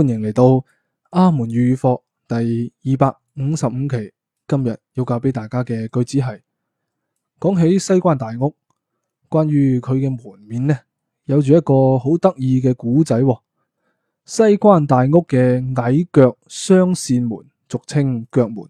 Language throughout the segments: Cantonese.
歡迎嚟到阿門粵語課第二百五十五期。今日要教俾大家嘅句子係：講起西關大屋，關於佢嘅門面呢，有住一個好得意嘅古仔喎。西關大屋嘅矮腳雙扇門，俗稱腳門。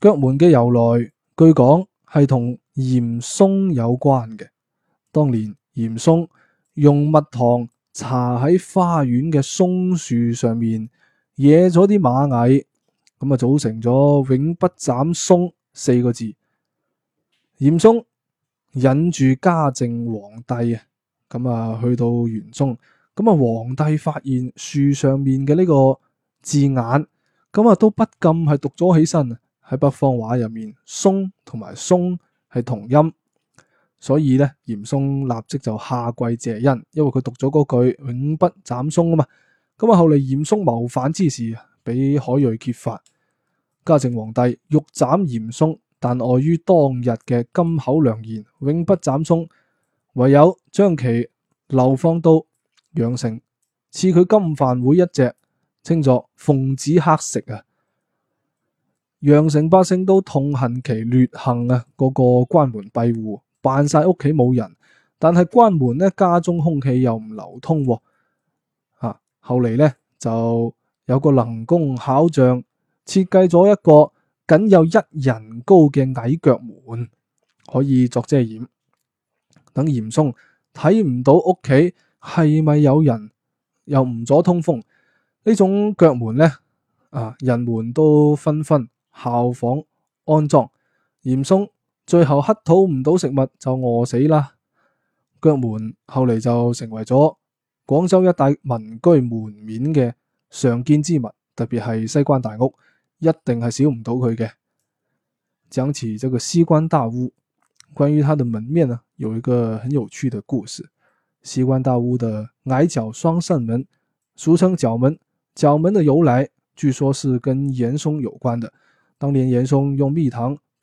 腳門嘅由來，據講係同嚴嵩有關嘅。當年嚴嵩用蜜糖，搽喺花園嘅松樹上面，惹咗啲螞蟻，咁啊，組成咗永不斬松四個字。嚴嵩引住嘉靖皇帝啊，咁啊，去到園中，咁啊，皇帝發現樹上面嘅呢個字眼，咁啊，都不禁係讀咗起身。喺北方話入面，松同埋鬆係同音。所以呢嚴嵩立即就下跪謝恩，因為佢讀咗嗰句永不斬鬆啊嘛。咁啊，後嚟嚴嵩謀反之事，俾海瑞揭發，嘉靖皇帝欲斬嚴嵩，但礙於當日嘅金口良言，永不斬鬆，唯有將其流放到羊城，賜佢金飯碗一隻，稱作奉旨乞食啊。羊城百姓都痛恨其劣行啊，個個關門閉戶。扮晒屋企冇人，但係關門咧，家中空氣又唔流通喎、啊。啊，後嚟咧就有個能工巧匠設計咗一個僅有一人高嘅矮腳門，可以作遮掩，等嚴嵩睇唔到屋企係咪有人，又唔阻通風這種腳呢種腳門咧。啊，人們都紛紛效仿安裝，嚴嵩。最後乞討唔到食物就餓死啦。腳門後嚟就成為咗廣州一帶民居門面嘅常見之物，特別係西關大屋一定係少唔到佢嘅。講起這個西關大屋，關於它的門面呢、啊，有一個很有趣的故事。西關大屋的矮腳雙扇門，俗稱腳門。腳門的由來，據說是跟嚴嵩有關的。當年嚴嵩用蜜糖。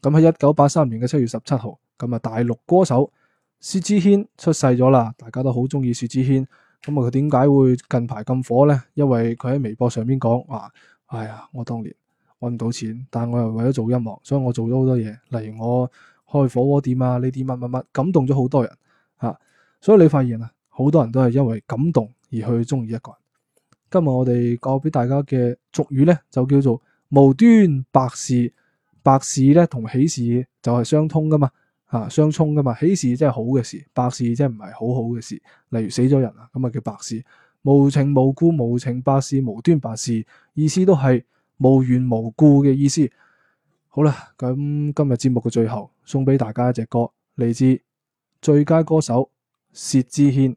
咁喺一九八三年嘅七月十七號，咁啊大陸歌手薛之謙出世咗啦，大家都好中意薛之謙。咁啊佢點解會近排咁火呢？因為佢喺微博上面講話，哎呀，我當年搵唔到錢，但我又為咗做音樂，所以我做咗好多嘢，例如我開火鍋店啊，呢啲乜乜乜，感動咗好多人。吓、啊，所以你發現啊，好多人都係因為感動而去中意一個人。今日我哋教俾大家嘅俗語呢，就叫做無端白事。白事咧同喜事就係相通噶嘛，啊，相沖噶嘛。喜事真係好嘅事，白事真係唔係好好嘅事。例如死咗人啊，咁啊叫白事，無情無故，無情白事，無端白事，意思都係無緣無故嘅意思。好啦，咁今日節目嘅最後，送俾大家一隻歌，嚟自最佳歌手薛之謙。